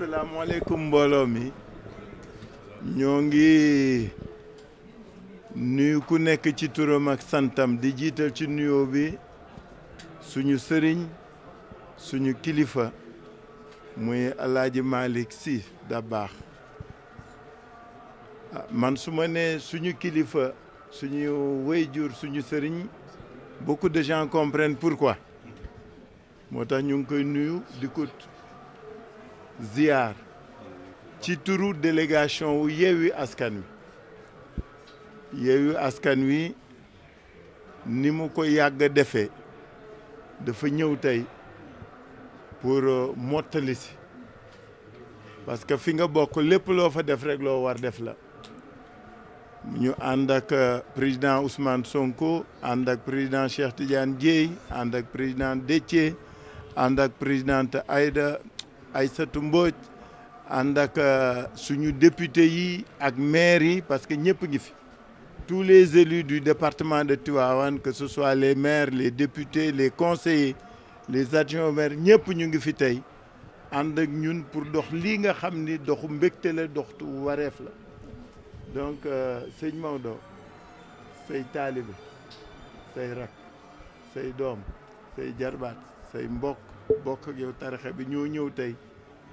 asalaamaaleykum mbooloo mi ñoo ngi nuyu ku nekk ci turam ak santam di jiital ci nuyoo bi suñu sëriñ suñu kilifa muy alaaji Malick Sy Dabakh ah, man su ma suñu kilifa suñu wéyjur suñu sëriñ beaucoup de gens comprennent pourquoi moo tax ñu ngi koy nuyu di kut ziyaar ci turu délégation wu Yewwi Askan Wi Yewwi Askan Wi ni mu ko yàgg defee dafa ñëw tey pour euh, mottali si parce que fi nga bokk lépp loo fa def rek loo war def la ñu ànd ak euh, président Ousmane Sonko ànd ak président Cheikh Tidiane Dièye ànd ak président Déthié ànd ak présidente ayda ay Aïssatou Mbodj ànd ak euh, suñu député yi ak maire yi parce que ñëpp ngi fi tous les élus du département de Tivaouane que ce soit les maires les députés les conseillers les adjoints au maire ñëpp ñu ngi fi tey ànd ak ñun pour dox lii nga xam ni doxu mbégte la doxtu wareef la donc euh, sëñ Maodo say taalibe say rak say doom say jarbaat say mbokk bokk ak yow tarixa bi ñoo ñëw tey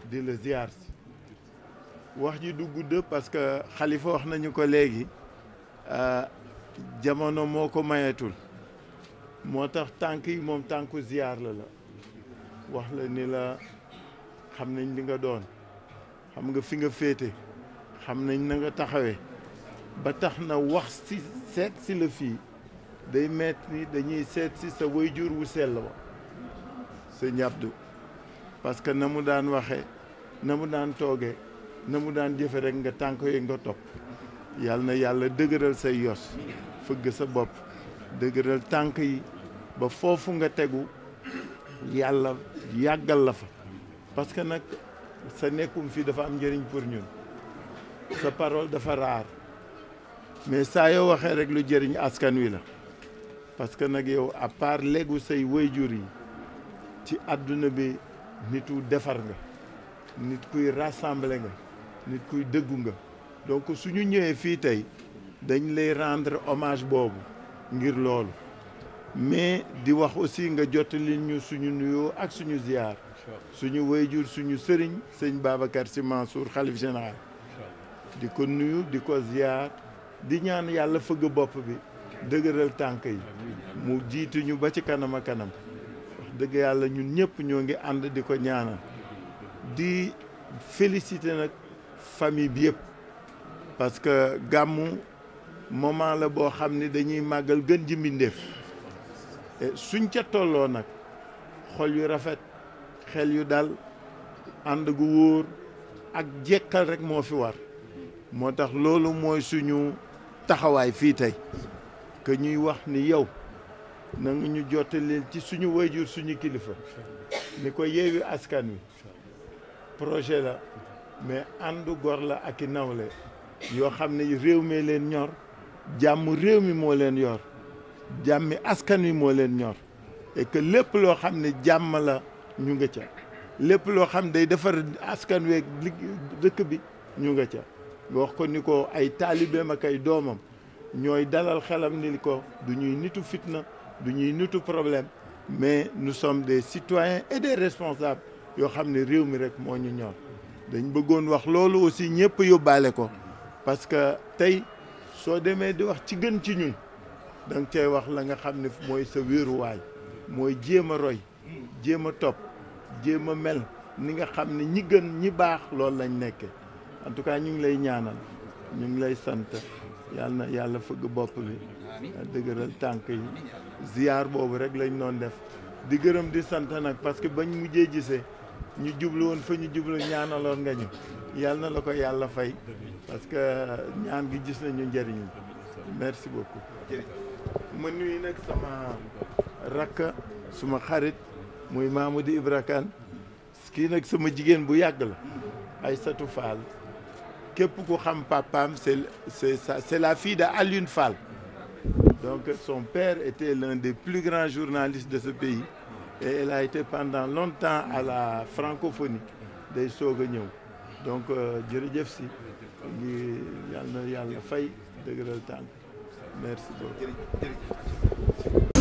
di la ziar si wax ji du gudd parce que xalifa wax nañu ko léegi jamono moo ko mayetul moo tax tànk yi moom tànku ziar la la wax la ni la xam nañ li nga doon xam nga fi nga féete xam nañ na nga taxawe ba tax na wax si seet si la fii day metti ni dañuy seet si sa wayjur wu sell wa sëñ Abdou parce que na mu daan waxe na mu daan tooge na mu daan jëfe rekk nga tànk yooyu nga topp yàlla na yàlla dëgëral say yos fëgg sa bopp dëgëral tànk yi ba foofu nga tegu yàlla yàggal la fa parce que nag sa nekkum fii dafa am njëriñ pour ñun sa parole dafa raar mais saa yoo waxee rek lu jëriñ askan wi la parce que nag yow à part léegu say wayjur yi ci àdduna bi nitu defar nga nit kuy rassembler nga nit kuy dëggu nga donc suñu ñëwee fii tey dañ lay rendre omage boobu ngir loolu mais di wax aussi nga jottali ñu suñu nuyoo ak suñu ziar suñu wayjur suñu sëriñ sëñ Babacar Sy Mansour xalif général di ko nuyu di ko ziar di ñaan yàlla fëgg bopp bi dëgëral tànk yi mu jiituñu ba ci kanam a kanam dëgg yàlla ñun ñëpp ñoo ngi ànd di ko ñaanal di félicité nag famille bi yëpp parce que gàmmu moment la boo xam ni dañuy màggal gën ji mbindeef suñ ca tolloo nag xol yu rafet xel yu dal ànd gu wóor ak jekkal rek moo fi war moo tax loolu mooy suñu taxawaay fii tey que ñuy wax ni yow nanga ñu jottaleel ci suñu wayjur suñu kilifa ni ko yeewi askan wi projet la mais àndu gor la ak i nawle yoo xam ne réew mi leen ñor jàmm réew mi moo leen yor jàmmi askan wi moo leen ñor et lépp loo xam ne jàmm la ñu nga ca lépp loo xam day defar askan wi ak dëkk bi ñu nga ca wax ko ni ko ay taalibeem ak ay doomam ñooy dalal xelam ni ko du nitu fitna du ñuy nitu problème mais nu sommes des citoyens et des yoo xam ne réew mi rek moo ñu ñor dañ bëggoon wax loolu aussi ñëpp yóbbaale ko parce que tey soo demee di wax ci gën ci ñun da nga cay wax la nga xam ne mooy sa wéeruwaay mooy jéem a roy jéem a topp jéem a mel ni nga xam ni ñi gën ñi baax loolu lañ nekke en tout cas ñu ngi lay ñaanal ñu ngi lay sant yal na yàlla fëgg bopp bi dëgëral tànk yi ziar boobu rek lañ doon def di gërëm di sant nag parce que bañ mujjee gisee ñu jublu woon fa ñu jublu ñaanaloon nga ñu yal na la ko yàlla fay parce que ñaan gi gis nañu njëriñ merci beaucoup. ma nuyu nag sama rakk suma xarit muy Mamadou di Kane kii nag sama jigéen bu yàgg la ay Aïssatou faal képp ku xam papaam c'est c'est ça la fille de Alioune Fall donc son père était l'un des plus grands journalistes de ce pays et elle a été pendant longtemps à la francophonie day soog a ñëw donc euh, jërëjëf si ngi yàlla na yàlla merci beaucoup